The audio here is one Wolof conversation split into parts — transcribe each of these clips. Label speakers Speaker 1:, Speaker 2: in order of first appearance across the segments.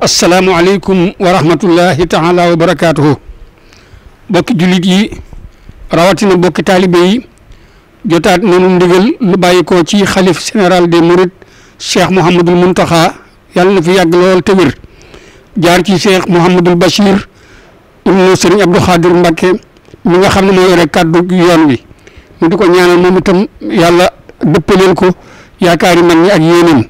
Speaker 1: asalaamualeykum wa rahmatullahi taala wa barakaatuhu bokki jullit yi rawatina bokki taalibe yi jotaat nanu ndigal lu bàyyi ko ci xalif général des mourides cheikh mouhamadul muntaxa yàlla na fi yàgg lool te wér jaar ci cheikh mouhamadul bachir ibnu sëriñ abdou xaadir mbàkke mi nga xam ne moo yore kàddu yoon wi mu di ko ñaanal moom itam yàlla dëppaleel ko yaakaari man ñi ak yéeneen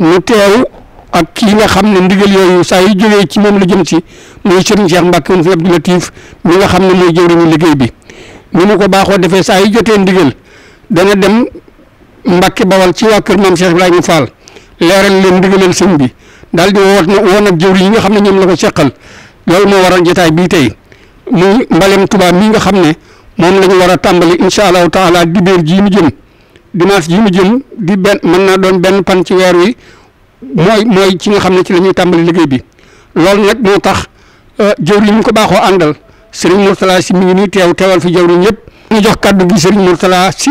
Speaker 1: mu teew ak li nga xam ne ndigal yooyu saa yu jógee ci moom la jëm si muy Serigne Cheikh Mbacke moom fi Abdou Latif nga xam ne mooy jëwriñu liggéey bi ni mu ko baaxoo defee saa yu jotee ndigal dana dem Mbacke Bawal ci waa kër maam Cheikh Ibrahima Fall leeral leen ndigalal sëñ bi daal di woot na woon ak jëwriñ yi nga xam ne ñoom la ko seqal loolu moo waral jotaay bii tey muy mbalem Touba mi nga xam ne moom lañu war a tàmbali incha allahu taala dibéer jii mu jëm dimanche jii mu jëm di benn mën naa doon benn pan ci weer wi. mooy mooy ci nga xam ne ci lañuy tàmbali liggéey bi loolu nag moo tax euh, jëwriñ ñu ko baaxoo àndal Serigne Mourtala si mi ngi teewal fi jëwriñ ñëpp ñu jox kàddu gi Serigne Mourtala si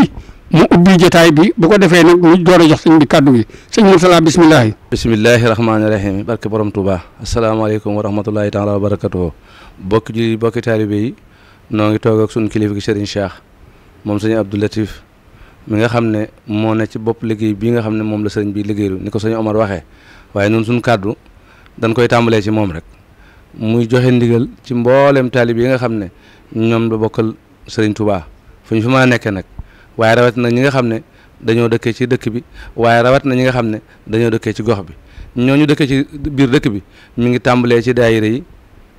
Speaker 2: mu ubbi jotaay bi bu ko defee nag ñu door a jox sëñ bi kàddu gi sëñ Mourtala bisimilah. bisimilahi rahmaani rahim barke borom Touba asalaamaaleykum wa rahmatulahi taala wa barakatuhu bokk ji bokki taalibe yi noo ngi toog ak suñu kilifa gi Serigne Cheikh moom sëñ Abdou Latif mi nga xam ne moo ne ci bopp liggéey bii nga xam ne moom la sëriñ bi liggéeylu ni ko sëñ Omar waxee waaye noonu suñu kàddu dañ koy tàmbalee ci moom rek muy joxe ndigal ci mbooleem taalib yi nga xam ne ñoom la bokkal sëriñ Touba fu ñu fi mën a nekkee nag waaye rawet na ñi nga xam ne dañoo dëkkee ci dëkk bi waaye rawet na ñi nga xam ne dañoo dëkkee ci gox bi ñoo ñu dëkkee ci biir dëkk bi mu ngi tàmbalee ci daayira yi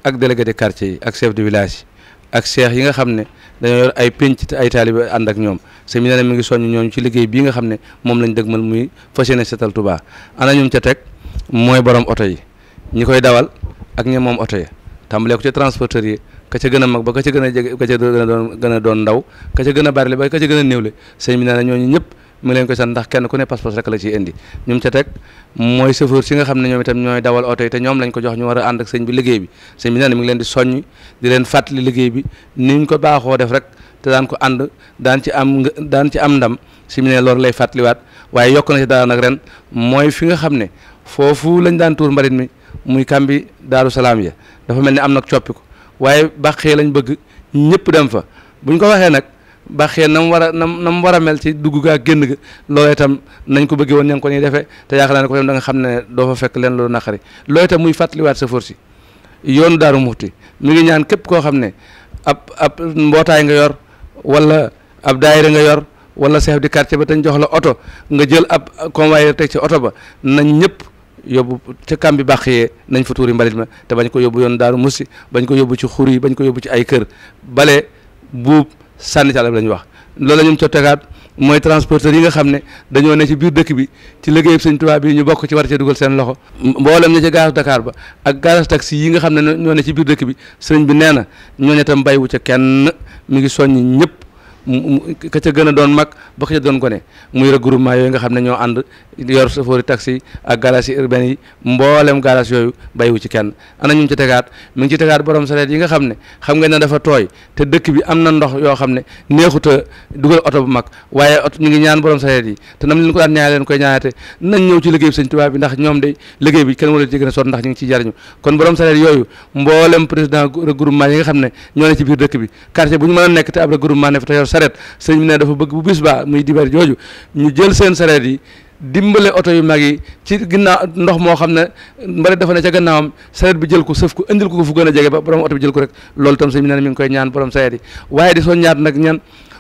Speaker 2: ak délégué de quartier yi ak chef de village ak seex yi nga xam ne dañoo yor ay pénc te ay taalibe ànd ak ñoom sëñ bi nee na ngi soññ ñooñu ci liggéey bii nga xam ne moom lañ dëgmal muy fas yéene setal Touba ana ñum ca teg mooy borom oto yi ñi koy dawal ak ñi moom oto yi tàmbalee ko ci transporteur yi ka ca gën a mag ba ka ca gën a jege ka ca gën a doon gën a doon ndaw ka ca gën a bari ba ka ca gën a néewle sëñ bi nee na ñooñu ñëpp mu leen koy sant ndax kenn ku ne pas-pas rek la ciy indi ñum ca teg mooy chauffeur si nga xam ne ñoom itam ñooy dawal oto yi te ñoom lañ ko jox ñu war a ànd ak sëñ bi liggéey bi sëñ bi nee na ngi leen di soññ di leen fàttali liggéey bi ni ñu ko baaxoo def rek te daan ko ànd daan ci am daan ci am ndam si mu ne loolu lay fàttaliwaat waaye yokk na ci dara nag ren mooy fi nga xam ne foofu lañ daan tuur mbarit mi muy kàmbi daaru salaam ya dafa mel ni am nag coppiku waaye bàqee lañ bëgg ñëpp dem fa buñ ko waxee nag baaxee na mu war a na war a mel ci dugg gaa génn ga itam nañ ko bëggee woon ña ko ñuy defee te yaakaar naa ne ko itam da xam ne doo fa fekk leen loolu naqari loolu itam muy fàttaliwaat sa force yi yoonu daaru muxti mi ngi ñaan képp koo xam ne ab ab mbootaay nga yor wala ab daayira nga yor wala chef du ba tañ jox la oto nga jël ab convoyeur teg ci oto ba nañ ñëpp yóbbu ca kam bi bàq yee nañ fa tuuri mbalit ma te bañ ko yóbbu yoon daaru musti bañ ko yóbbu ci xur yi bañ ko yóbbu ci ay kër bale buub sànni ci àll bi la ñu wax loolu la ñoom ca tegaat mooy transporteur yi nga xam ne dañoo ne ci biir dëkk bi ci liggéeyu Sëñ Tuubaa bi ñu bokk ci war cee dugal seen loxo mboolem ña ca gaaru Dakar ba ak gaaru taxi yi nga xam ne ñoo ne ci biir dëkk bi sëñ bi nee na ñooñu itam bàyyiwu ca kenn mu ngi soññ ñëpp ka ca gën a doon mag ba ka ca doon gone muy regroupement yooyu nga xam ne ñoo ànd yor sofóori taxi ak galas yi urbaine yi mboolem galas yooyu bàyyiwu ci kenn ana ñu ci tegaat mu ngi tegaat borom sareet yi nga xam ne xam nga ne dafa tooy te dëkk bi na ndox yoo xam ne neexut a dugal oto bu mag waaye oto ñu ngi ñaan borom sareet a sot ndax ne ñoo ne ci biir dëkk bi quartier bu ñu mën a nekk te ab regroupement ne fa saret sëñ bi ne dafa bëgg bu bis baa muy dibeer jooju ñu jël seen saret yi dimbale oto yu mag yi ci ginnaaw ndox moo xam ne mbari dafa ne ca gannaawam saret bi jël ko sëf ko indil ko ko fu gën a jege ba borom oto bi jël ko rek lool tam sëñ bi ne mi ngi koy ñaan borom saret yi waaye di soo ñaat nag ñan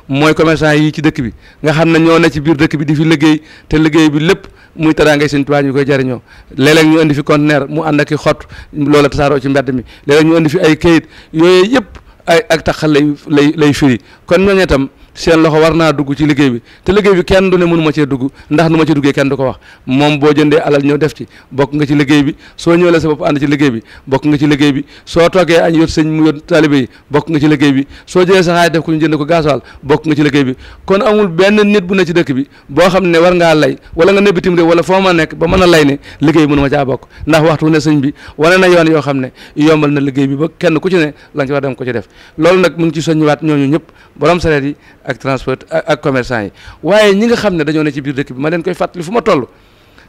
Speaker 2: mooy commerçant yi ci dëkk bi nga xam ne ñoo ne ci biir dëkk bi di fi liggéey te liggéey bi lépp muy teraangay Sëñ Tuubaa ñu koy jariñoo léeg ñu indi fi conteneur mu ànd xott loola tasaaroo ci mbedd mi léeg-léeg ñu indi ay kayit yëpp ay ak taxal lay lay lay firi kon ñooñu itam seen loxo war naa dugg ci liggéey bi te liggéey bi kenn du ne mënu ma cee dugg ndax nu ma ci duggee kenn du ko wax moom boo jëndee alal ñëw def ci bokk nga ci liggéey bi soo ñëwalee sa bopp ànd ci liggéey bi bokk nga ci liggéey bi soo toogee añ yot sëñ bokk nga ci liggéey bi soo jëlee sa xaalis def ko ñu jënd ko gasoil bokk nga ci liggéey bi kon amul benn nit bu ne ci dëkk bi boo xam ne war ngaa lay wala nga ne bitim réew wala foo ma nekk ba mën a lay ne liggéey bi mënu ma caa bokk ndax waxtu ne sëñ bi wane na yoon yoo xam ne yombal na liggéey bi ba kenn ku ne la war dem ko def loolu nag mu ngi ci soññiwaat ñooñu ñëpp borom sareet yi ak transport ak commerçant yi waaye ñi nga xam ne dañoo ne ci biir dëkk bi ma leen koy fàttali fu ma toll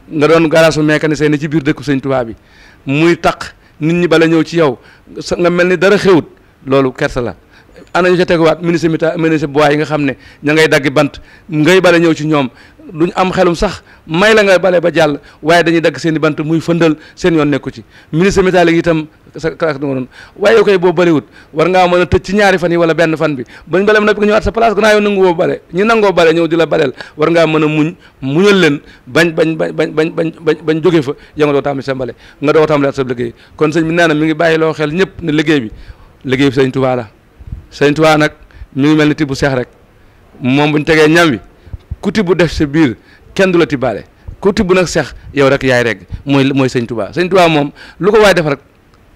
Speaker 2: nga doon garage su mécanicien ne ci biir dëkk sëñ Tuubaa bi muy taq nit ñi bala ñëw ci yow nga mel ni dara xewut loolu kersa la na ñu ca teguwaat ministre mita ministre bois yi nga xam ne ña ngay daggi bant ngay bala ñëw ci ñoom lu ñu am xelum sax may la ngay bale ba jàll waaye dañuy dagg seen i bant muy fëndal seen yoon nekku ci ministre métallique itam sa classe nga doon waaye yow koy boo balewut war ngaa mën a tëj ci ñaari fan yi wala benn fan bi bañ bale noppi nga ñëwaat sa place gannaaw yow nangu woo bale ñu nangoo bale ñëw di la baleel war ngaa mën a muñ leen bañ bañ bañ bañ bañ bañ bañ jóge fa yow nga doo tàmbali sa mbale nga doo tàmbali sa liggéey kon sëñ naa nee na mi ngi bàyyi loo xel ñëpp ne liggéey bi liggéey bi sëñ Tuubaa la sëñ Tuubaa nag mi ngi mel ni tibb seex rek moom buñ tegee ñam wi kuti bu def sa biir kenn du la ti baale kuti bu nag seex yow rek yaay rek mooy mooy sëñ tubaa sëñ tubaa moom lu ko waaye def rek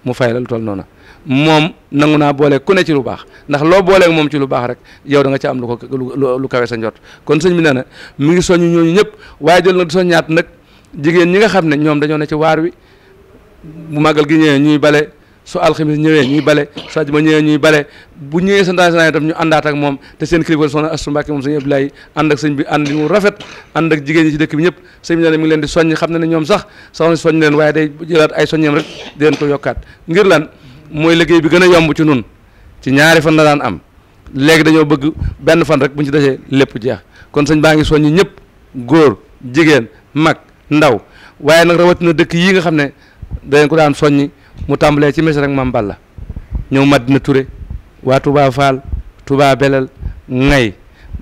Speaker 2: mu fay la lu toll noonu moom nangu naa boole ku ne ci lu baax ndax loo booleeg moom ci lu baax rek yow da nga ci am lu ko lu kawe sa njot kon sëñ bi nee na mi ngi soññu ñooñu ñëpp waaye jël na soo ñaat nag jigéen ñi nga xam ne ñoom dañoo ne ci waar wi bu màggal gi ñëwee ñuy bale su alxamis ñëwee ñuy bale su àjjuma ñëwee ñuy bale bu ñëwee sa ndaa sanaa ñu àndaat ak moom te seen kilifa soxna Astu Mbàkke moom sëñ Abdoulaye ànd ak sëñ bi ànd mu rafet ànd ak jigéen ñi ci dëkk bi ñëpp sëñ bi ne mi ngi di soññ xam ne ne ñoom sax soxna leen waaye day jëlaat ay soññam rek di leen ko yokkaat ngir lan mooy liggéey bi gën a yomb ci nun ci ñaari fan la daan am léegi dañoo bëgg benn fan rek bu ñu ci dajee lépp jeex kon sëñ baa ngi soññ ñëpp góor jigéen mag ndaw waaye nag rawatina dëkk yii nga xam ne dañ ko daan soññi mu tàmbalee ci Mesere ak Maam Balla ñëw Madina ture waa tubaa Fall tubaa Belel Ngay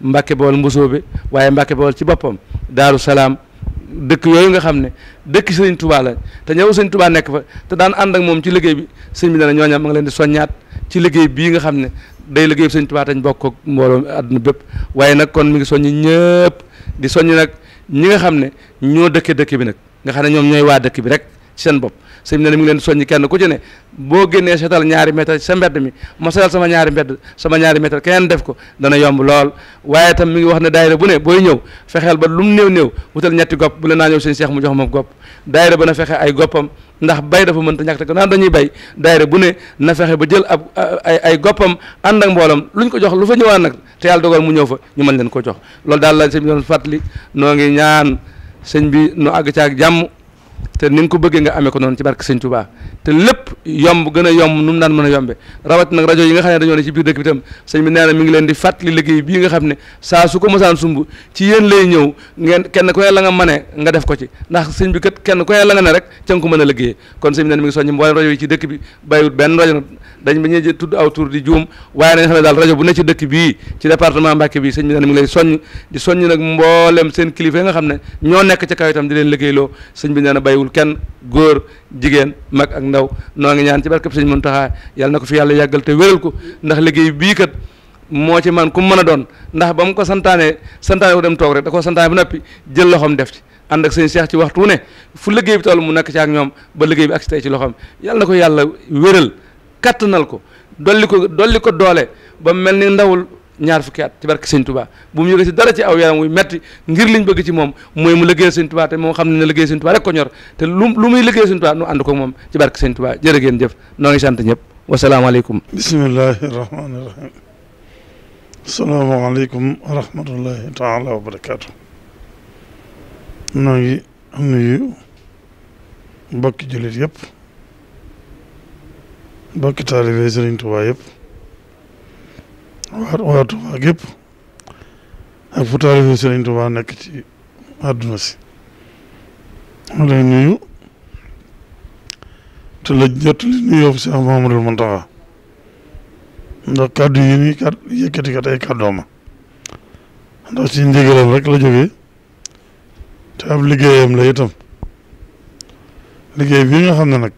Speaker 2: Mbacke Bawol Mbusoobe waaye Mbacke Bawol ci boppam Daaru Salaam dëkk yooyu nga xam ne dëkk sëriñ Touba la te ñëw sëriñ nekk fa te daan ànd ak moom ci liggéey bi sëñ bi dana ñooñam ngi leen di soññaat ci liggéey bii nga xam ne day liggéey sëriñ Touba tañ bokk ak mbooloo àdduna bépp waaye nag kon mi ngi soññi ñëpp di soññ nag ñi nga xam ne ñoo dëkkee dëkk bi nag nga xam ne ñoom ñooy waa dëkk bi rek seen bopp sëñ bi ne mu ngi leen soññi kenn ku ci ne boo génnee seetal ñaari mètre sa mbedd mi ma seetal sama ñaari mbedd sama ñaari mètre kenn def ko dana yomb lool waaye tam mi ngi wax ne daay bu ne booy ñëw fexeel ba lu mu néew néew wutal ñetti gopp bu la naa ñëw seen seex mu jox ma gopp daayira ba na fexe ay goppam ndax bay dafa mënta ñàkk te ko naan dañuy bay daayira bu ne na fexe ba jël ab ay ay goppam ànd ak mboolam ñu ko jox lu fa ñëwaan nag te yàlla dogal mu ñëw fa ñu mën leen ko jox loolu daal la sëñ bi doon fàttali noo ngi ñaan sëñ bi nu àgg ci ak jàmm te ni nga ko bëggee nga amee ko noonu ci barke Sëñ Touba te lépp yomb gën a yomb nu mu naan mën a yombe rawat nag rajo yi nga xam ne dañoo ne ci biir dëkk bi tam sëñ bi nee na mi ngi leen di fàttali liggéey bii nga xam ne saa su ko mosaan sumb ci yéen lay ñëw ngeen kenn ku ne la nga mane nga def ko ci ndax sëñ bi kat kenn ku ne la nga ne rek ca nga ko mën a liggéeyee kon sëñ bi nee na ngi soññ mboolem rajo yi ci dëkk bi bàyyiwut benn rajo dañ ba ñee tudd aw tur di juum waaye nañ xam ne daal rajo bu ne ci dëkk bii ci département Mbàkke bi ne mi ngi lay soññ di soññ nag mboolem seen kilifa nga xam ne ñoo nekk ca kaw di leen liggéeyloo sëñ bi nee na bàyyiwul kenn góor jigéen mag ak ndaw noo ngi ñaan ci barkeb sëñ Muntaxa yàlla na ko fi yàlla yàggal te ko ndax liggéey bii kat moo ci man ku mën a doon ndax ba mu ko santaane santaane ko dem toog rek da ko santaane ba noppi jël loxoom def ci ànd ak sëñ Cheikh ci waxtu ne fu liggéey bi toll mu nekk ci ak ñoom ba liggéey bi ak si tey ci loxoom yàlla na ko yàlla wéral kattanal ko dolli ko dolli doole ba mel ni ndawul ñaar fukki ci barke sëñ Tuubaa bu mu yëgee si dara ci aw yaram wuy metti ngir liñ bëgg ci moom mooy mu liggéey sëñ Tuubaa te moom xam ne na liggéey sëñ Tuubaa rek ko ñor te lu lu muy liggéey sëñ Tuubaa nu ànd ko moom ci barke sëñ Tuubaa jërë geen jëf noo ngi sant ñëpp wasalaamaaleykum
Speaker 3: bismillahi rahmaani rahim asalaamaaleykum wa rahmatullahi taala wa barakaatu yëpp bokki taalibe Sëriñ Tuubaa yëpp waa waa Tuubaa yëpp ak fu taalibe Sëriñ Tuubaa nekk ci àdduna si nuyu te la jot li nuyoo fi Cheikh Mouhamadul Mountakha ndax kàddu yi nii kàddu yëkkati kat ay ci ndigalam rek la jógee te ab liggéeyam la itam liggéey bi nga xam ne nag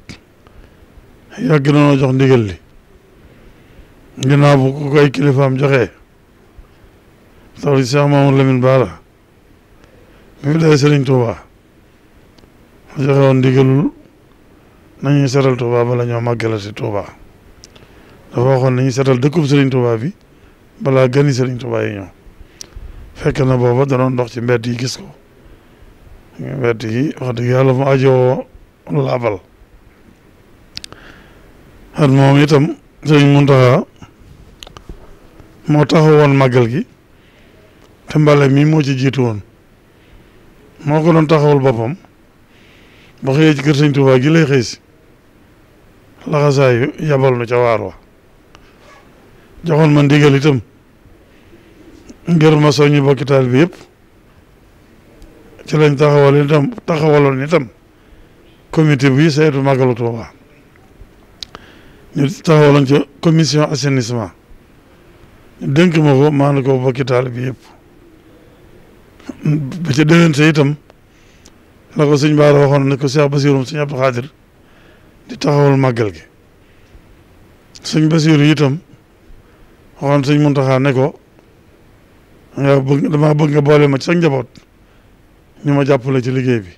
Speaker 3: yàgg na jox ndigal li ginnaaw bu ko ay kilifaam joxe tax li Cheikh Mamadou Lamine Bara mi fi day Serigne Touba joxe woon ndigalul nañuy setal Touba bala ñoo màggala si Touba dafa waxoon nañuy setal dëkkub Serigne Touba bi balaa gani Serigne Touba yi ñëw fekk na booba danoon dox ci mbedd yi gis ko mbedd yi wax dëgg yàlla mu ajoo laabal at moom itam sëriñ taxa moo taxawoon màggal gi te mbale mi moo ci jiitu woon moo ko doon taxawul boppam ba xëyee ci kër sëñ Tuubaa gi lay xëy si laxasaayu yabal nu ca waar wa joxoon man ndigal itam ngir ma soññi bokki taal bi yëpp ci lañ taxawal itam taxawaloon itam comité bi saytu màggalu Tuubaa ñu taxawaloon ca commission assainissement dënk dénk ma ko maa na bokki taal bi yëpp ba ca déwén sa itam la ko sëñ Baara waxoon ne ko Cheikh Basirum sëñ Abdou Khadir di taxawal màggal gi sëñ Basiru itam waxoon sëñ Muntaxa ne ko nga bëgg nga boole ma ci sa njaboot ñu ma jàppale ci liggéey bi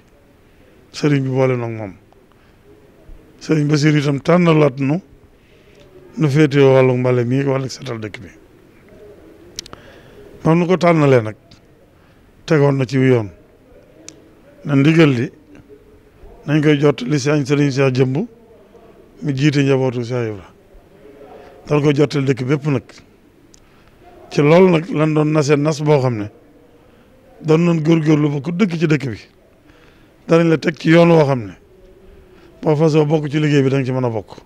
Speaker 3: sëriñ bi boole noog moom sëriñ Basiru itam tànnalaat nu nu féete wàllu mbale mii wàllu setal dëkk bi moom nu ko tànnalee nag tegoon na ci yoon na ndigal li nañ koy jot li si añ sëriñ Cheikh jëmb mu jiite njabootu Cheikh Ibra dal ko jottali dëkk bépp nag ci loolu nag lan doon nasee nas boo xam ne doon noon góorgóorlu ba ku dëkk ci dëkk bi danañ la teg ci yoon woo xam ne boo fasoo bokk ci liggéey bi da ci mën a bokk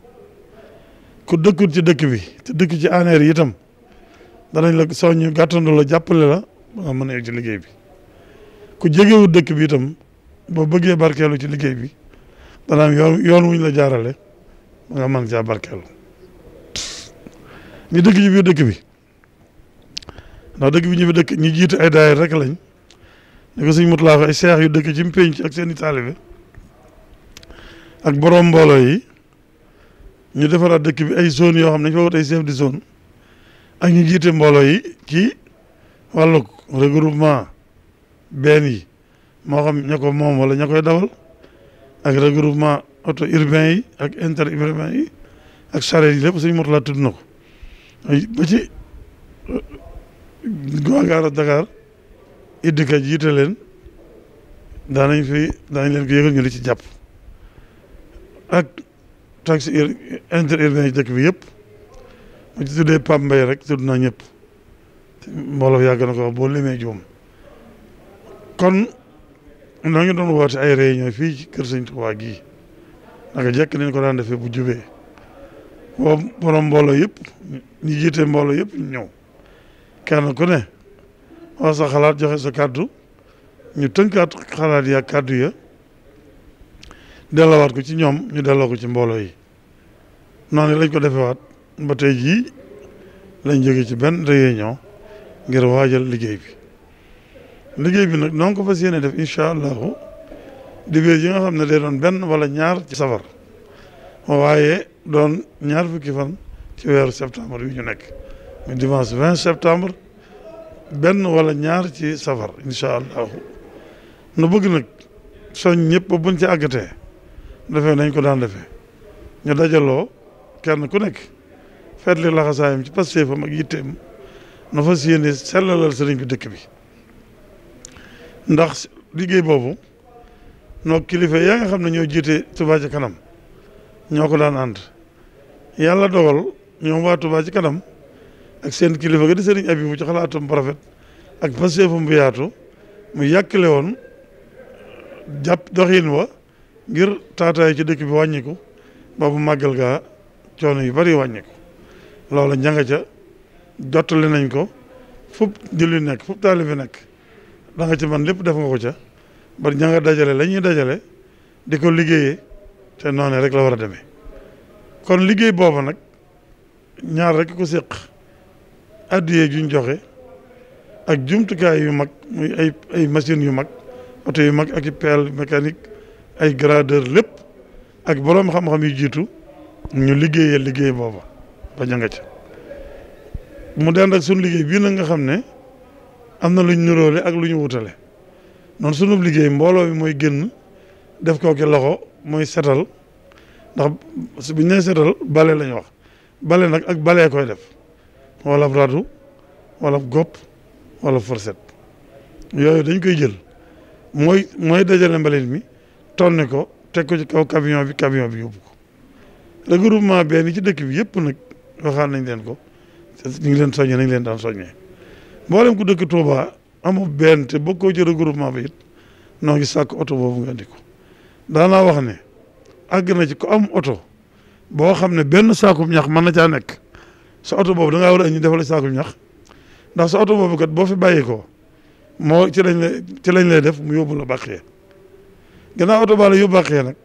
Speaker 3: ku dëkkul ci dëkk bi te dëkk ci aneer yitam itam danañ la soññu gàttandu la jàppale la ba nga mën a ci liggéey bi ku jegewul dëkk bi itam boo bëggee barkeelu ci liggéey bi dana am yoon wuñ la jaarale ba nga caa barkeelu ñu dëkk ci biir dëkk bi ndax dëkk bi ñu dëkk ñi jiit ay daayir rek lañ ni ko suñ ay seex yu dëkk ci mpénc ak seeni i taalibe ak borom mbooloo yi ñu defaraat dëkk bi ay zone yoo xam ne dañu fa wut ay chef de zone ak ñu jiite mbooloo yi ci wàllug regroupement benn yi moo xam ña ko moom wala ña koy dawal ak regroupement oto urbain yi ak inter urbain yi ak charrette yi lépp suñu motulaa tudd na ko ba ci uh, gaaru Dakar iddika jiite leen daanañ fi daanañ leen ko yëgal ñu di ci jàpp taxi interurbain yi dëkk bi yëpp mu ci tuddee Pape Mbaye rek tudd na ñëpp mbooloo yàgg na ko wax boo limee juum kon noo ngi doon woote ay réunion fii ci kër waa Tuubaa gii jekk nañ ko daan defee bu jubee boo borom mbooloo yëpp ñi jiite mbooloo yëpp ñu ñëw kenn ku ne wax sa xalaat joxe sa kàddu ñu tënkaat xalaat ya kàddu ya delloowaat ko ci ñoom ñu delloo ko ci mbooloo yi noonu lañ ko defewaat ba tey jii lañ jóge ci benn réunion ngir waajal liggéey bi liggéey bi nag noonu ko fas yéene def incha allahu liggéey yi nga xam ne day doon benn wala ñaar ci safar waaye doon ñaar fukki fan ci weeru septembre bi ñu nekk mu dimanche septembre benn wala ñaar ci safar incha allahu nu bëgg nag soñ ñëpp ba buñ ci àggatee defee nañ ko daan defee ñoo dajaloo kenn ku nekk feet li laxasaayam ci pasteefam ak yitteem na yéene sellalal sëriñ bi dëkk bi ndax liggéey boobu noo kilifa yaa nga xam ne ñoo jiite Touba ci kanam ñoo ko daan ànd yàlla dogal ñoom waa Touba kanam ak seen kilifa ga di sëriñ Abibu ci xalaatum bu rafet ak pasteefam bu yaatu mu yàkkale woon jàpp doxin wa ngir taataay ci dëkk bi wàññiku ba bu màggal gaa coono yu bari wàññiku loola njanga ca jottali nañ ko fup julli nekk fup taali fi nekk da nga ci man lépp def nga ko ca ba njanga dajale lañuy dajale di ko liggéeyee te noonee rek la war a deme kon liggéey booba nag ñaar rek ko séq addiyee juñ joxe ak jumtukaay yu mag muy ay ay machines yu mag oto yu mag ak yi pelle mécanique ay gradeur lépp ak boroom xam-xam yu jiitu ñu liggéeyee liggéey booba ba ña nga ca mu dend ak sunu liggéey bii nag nga xam ne am na lu ñu nuróole ak lu ñu wutale noonu sunu liggéey mbooloo mi mooy génn def koo ki loxo mooy setal ndax bu bi nee setal bale la wax bale nag ak balee koy def wala radu wala gopp wala fourchette yooyu dañ koy jël mooy mooy dajale mbalit mi tonne ko teg ko ci kaw camion bi camion bi yóbbu ko regroupement benn ci dëkk bi yëpp nag waxaan nañ leen ko ñu ngi leen soññee nañ leen daan soññee mboolem ku dëkk Touba amoo benn te bokkoo ci regroupement bi it noo ngi sàkk oto boobu nga andi ko daanaa ne àgg na ci ko am oto boo xam ne benn saakum ñax mën na caa nekk sa oto boobu da ngaa war a ñu defal la ñax ndax sa oto boobu kat boo fi bàyyi ko moo ci lañ la ci lañ lay def mu yóbbu la bàqee gannaaw oto baa la yóbbaxee nag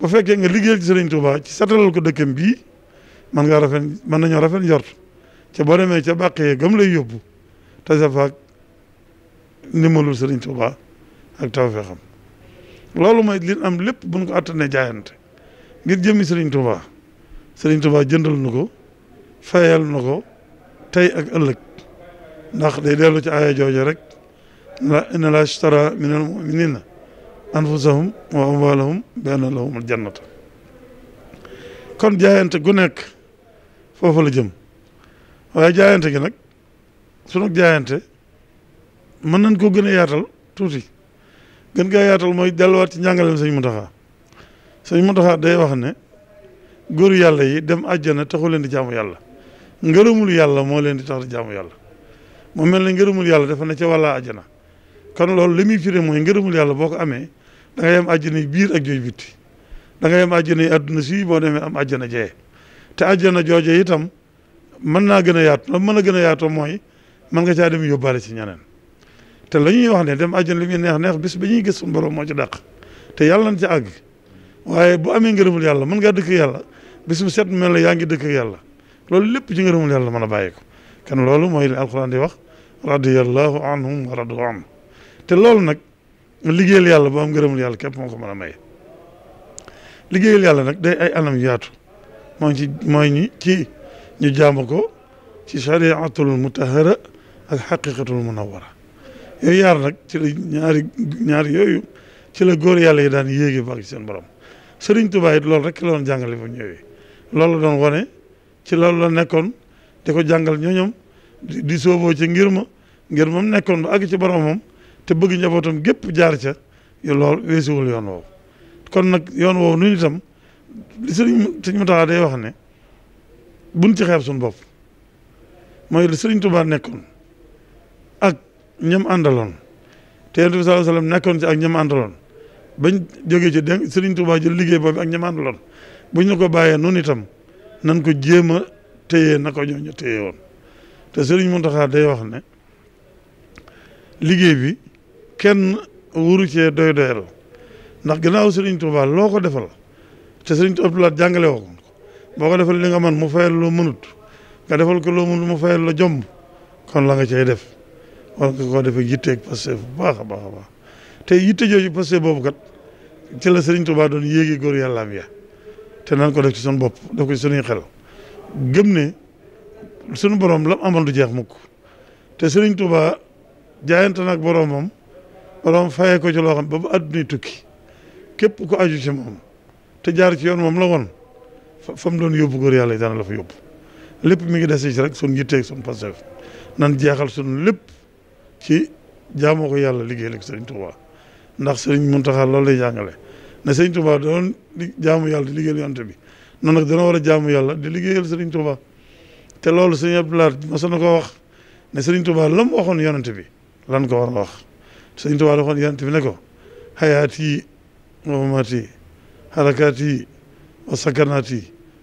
Speaker 3: bu fekkee nga liggéeyal ci Serigne Touba ci setalal ko dëkkam bii mën ngaa rafet mën nañoo rafet njort ca boo demee ca bàqee gam lay yóbbu tasa faak ndimbalul Serigne Touba ak tawfeexam loolu mooy lin am lépp buñ ko attanee jaayante ngir jëmmi Serigne Touba Serigne Touba jëndal na ko fayal na ko tey ak ëllëg ndax day dellu ci aaya joojo rek na la ishtara minal mu'minina anfusahum wa amwalahum bi anna lahumul jannata kon jaayante gu nekk foofu la jëm waaye jaayante gi nag sunu jaayante mën nan koo gën a yaatal tuuti gën gaa yaatal mooy delluwaat ci njàngaleem sëñ Muntaxa sëñ Muntaxa day wax ne góor yàlla yi dem àjjana taxu leen di jaamu yàlla ngërëmul yàlla moo leen di tax di jaamu yàlla moo mel ne ngërëmul yàlla dafa na ca wàllaa àjjana kon loolu li muy firé mooy ngërëmul yàlla boo ko amee da ngay am àjjana biir ak jooy bitti da ngay am àjjana yi àdduna si boo demee am àjjana jee te àjjana jooje itam mën naa gën a yaatu la mën a gën a yaatoo mooy mën nga caa dem yóbbaale ci ñeneen te la ñuy wax ne dem àjjana li muy neex neex bis ba ñuy gis suñu borom moo ci dàq te yàlla na ci àgg waaye bu amee ngërëmul yàlla mën ngaa dëkk yàlla bis bu set mel la yaa ngi dëkk yàlla loolu lépp ci ngërëmul yàlla mën a bàyyi ko kan loolu mooy li di wax radiyallahu anhum wa radu anhu te loolu nag liggéeyal yàlla bu am ngërëmul yàlla képp moo ko mën a maye liggéeyal yàlla nag day ay anam yaatu moo ci mooy ñi ci ñu jàmb ko ci chariatul mutahara ak xaqiqatul munawara yooyu yaar nag ci la ñaari ñaari yooyu ci la góor yàlla yi daan yéegi ba ci seen borom Sëriñ Tuubaa it loolu rek la jàngale ba ñëwee loolu la doon wane ci loolu la nekkoon di ko jàngal ñooñom di sooboo ci ngir ma ngir moom nekkoon ba àgg ci boromam te bëgg njabootam gépp jaar ca lool weesuwul yoon woowu kon nag yoon woowu nu itam li sëriñ sëñ Mountakha day wax ne buñ ci xeeb suñu bopp mooy li sëriñ Touba nekkoon ak ñam àndaloon te Yonent bi sallallahu alayhi wasallam nekkoon ci ak ñam bañ jógee ci dégg sëriñ Touba jël liggéey boobu ak ñam àndaloon bu ñu ko bàyyee noonu itam nan ko jéem a téye na ko ñooñu téye woon te sëriñ Mountakha day wax ne liggéey bi kenn wuru cee doy doyal ndax ginnaaw Serigne Touba loo ko defal te Serigne Touba jàngale woo ko boo ko defal li nga man mu fayal loo mënut nga defal ko loo mënut mu fayal la jomb kon la nga cay def war nga koo defee yitteeg Pastef bu baax a baax baax te yitte jooju Pastef boobu kat ci sëriñ Serigne doon yéegi góor yàllaam ya te nan ko def ci suñu bopp def ko ci suñuy xel gëm ne sunu borom la amal du jeex mukk te Serigne Touba jaayante nag boromam. borom fayee ko ci loo xam ba ba adduna tukki képp ko aju ci moom te jaar ci yoon moom la woon fa doon yóbbu góor yàlla yi dana la fa yóbbu lépp mu ngi dese ci rek sun yitteeg sun pasef nan jeexal sun lépp ci jaamoo ko yàlla liggéey la ko sëriñ Touba ndax sëriñ Muntaxa loolu lay jàngale ne sëriñ Touba doon jaamu yàlla di liggéeyal yonte bi noonu nag dana war a jaamu yàlla di liggéeyal sëriñ Touba te loolu sëriñ Abdoulaye mas na ko wax ne sëriñ Touba la mu waxoon yonente bi lan ko war a wax sëñ Tuubaa waxoon yonent bi ne ko xayaat yi wa mamaat yi harakaat yi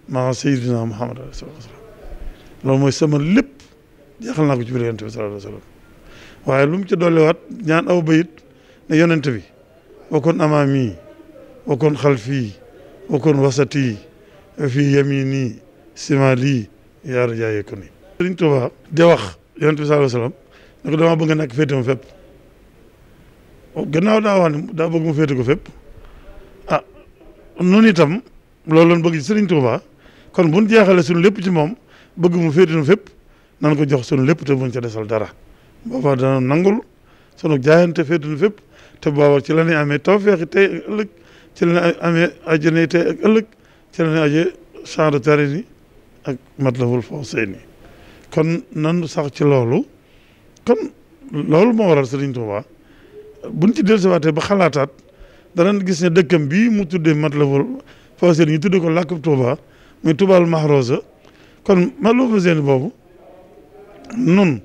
Speaker 3: wa Muhammad alayhi salaatu wa salaam loolu mooy sama lépp jeexal naa ko ci biir yonent bi sallallahu wa sallam waaye lu mu ci dolliwaat ñaan aw bayit ne yonent bi wa kon amaami wa kon wasati fii yamini simali yaar jaayee ko ni sëñ Tuubaa de wax yonent bi sallallahu alayhi wa sallam ne ko damaa nekk gannaaw daa wax ne daa bëgg mu féete ko fépp ah noonu itam loolu lañ bëgg ci Sëriñ Tuuba kon buñ jeexale suñu lépp ci moom bëgg mu féete nu fépp nan ko jox suñu lépp te buñ ca desal dara boobaa dana nangul sunu jaayante féete nu fépp te boobaa ci la ñuy amee tawféexi tey ak ëllëg ci la ñuy amee ajjana tey ak ëllëg ci la ñuy aje Sahada Tarayni ak Matlabul Fawzayni kon nan sax ci loolu kon loolu moo waral Sëriñ Tuuba buñ ci dellusiwaatee ba xalaataat danañ gis ne dëkkam bii mu tuddee mat la Matlabul Fawzayni yi tuddee ko lakk Touba muy Toubaal Mahrousa kon Matlabul Fawzayni boobu nun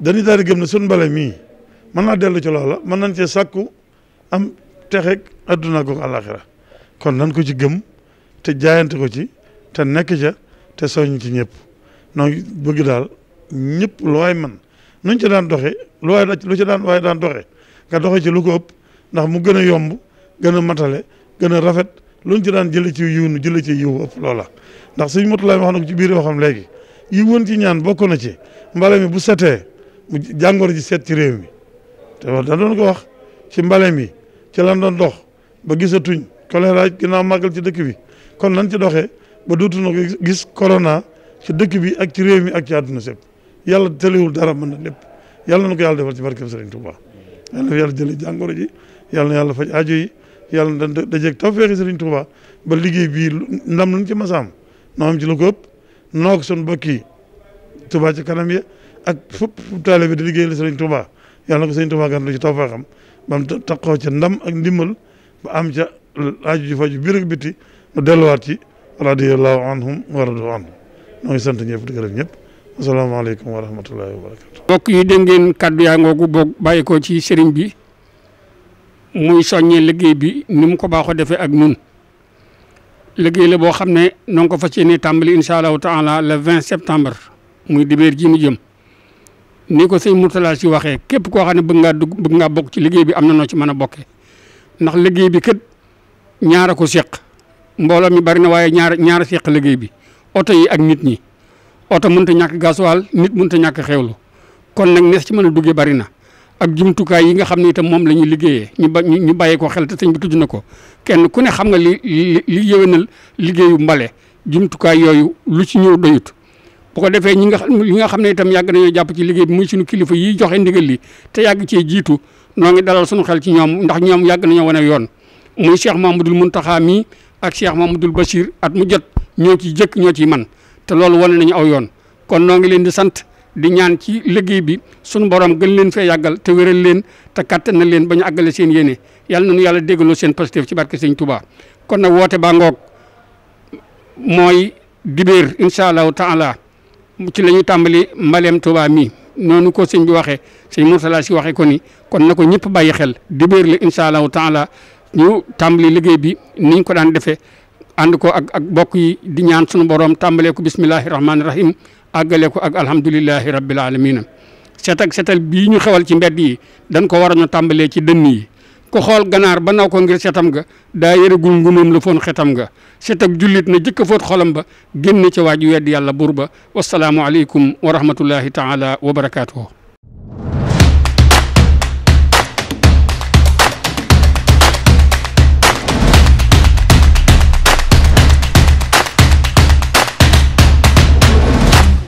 Speaker 3: dañuy daal di gëm na sun mbale mii mën naa dell ci loola mën nañ cee sàkku am texeeg adduna ko àllaaxira kon nan ko ci gëm te jaayante ko ci te nekk ca te soññ ci ñëpp nooy bëgg daal ñëpp lu waay man nuñ ci daan doxe lu waay lu ci daan waaye daan doxe nga doxe ci lu ko ëpp ndax mu gën a yomb gën a matale gën a rafet luñ ci daan jële ci yiw nu jële ci yiw ëpp loola ndax suñ motulaay wax na ko ci biir waxam léegi yi woon ci ñaan bokk na ci mbale mi bu setee jàngoro ji seet ci réew mi te wax da doon ko wax ci mbale mi ci lan doon dox ba gisatuñ choléra ginnaaw màggal ci dëkk bi kon nan ci doxe ba dootu na gis corona ci dëkk bi ak ci réew mi ak ci àdduna sépp yàlla tëlewul dara mën na lépp yàlla na ko yàlla defal ci barkeb Sëriñ Tuubaa yàlla na yàlla yàlla faj aajo yi yàlla na dajeeg tawfeexi Sëriñ Tuubaa ba liggéey bii ndam luñ ci masaam noo am ci lu ko ëpp noo ko mbokk yi Tuubaa ci kanam ya ak fépp taalibe bi di liggéeyal Sëriñ Tuubaa yàlla na ko Sëriñ Tuubaa gàndu ci tawfeexam ba mu ca ndam ak ndimbal ba am ca aajo ji faju biir ak bitti mu delluwaat ci radiyallahu anhum wa radu anhum noo ngi sant ñëpp di gërëm ñëpp asalaamaaleykum wa rahmatullahi wa barakatu
Speaker 1: mbokk yi dégg ngeen kàddu yaa ngoogu boog bàyyi ko ci sëriñ bi muy soññee liggéey bi ni mu ko baaxoo defee ak ñun liggéey la boo xam ne noo ngi ko fas yéene tàmbali incha allahu taala le 20 septembre muy dibéer jii mu jëm ni ko sëñ Mourtala si waxee képp koo xam ne bëgg ngaa dugg bëgg ngaa bokk ci liggéey bi am na noo ci mën a bokkee ndax liggéey bi kët ñaara ko seq mbooloo mi bari na waaye ñaar ñaara seq liggéey bi oto yi ak nit ñi oto mënut a ñàkk gasoil nit mënut a ñàkk xewlu kon nag nees ci mën a duggee bari na ak jumtukaay yi nga xam ne itam moom la ñuy liggéeyee ñu ba ñu bàyyee ko xel te sëñ bi tudd na ko kenn ku ne xam nga li li li liggéeyu mbale jumtukaay yooyu lu ci ñëw doyut bu ko defee ñi nga xam ñi nga xam ne itam yàgg nañoo jàpp ci liggéey bi muy suñu kilifa yi joxe ndigal li te yàgg cee jiitu noo ngi dalal suñu xel ci ñoom ndax ñoom yàgg nañoo wane yoon muy Cheikh Mamadou Mountakha mi ak Cheikh Mamadou Bachir at mu jot ñoo ci jëkk ñoo ci man te loolu wane nañu aw yoon kon noo ngi leen di sant di ñaan ci liggéey bi sunu borom gën leen fee yàggal te wéral leen te kàttan leen ba ñu àggale seen yéene yàlla nañu yàlla déggaloo seen positif ci barke sëñ Touba kon na woote baa ngoog mooy dibéer incha allahu taala ci la ñu tàmbali mbaleem Touba mi noonu ko sëñ bi waxee sëñ Moursala si waxee ko ni kon na ko ñëpp bàyyi xel dibéer la incha allahu taala ñu tàmbali liggéey bi niñ ko daan defee. ànd ko ak ak bokk yi di ñaan sunu boroom tàmbalee ko bismillahi rahmaani rahim àggale ko ak alhamdulillahi rabbil alamina set ak setal bii ñu xewal ci mbedd yi dañ ko war a ñu tàmbalee ci dënn yi ko xool ganaar ba naw ko ngir setam ga daa yërëgul ngumoom la foon xetam ga set ak jullit na jëkk foot xolam ba génn ca waaju wedd yàlla buur ba wasalaamu aleykum wa rahmatullahi taala wa barakaatuhu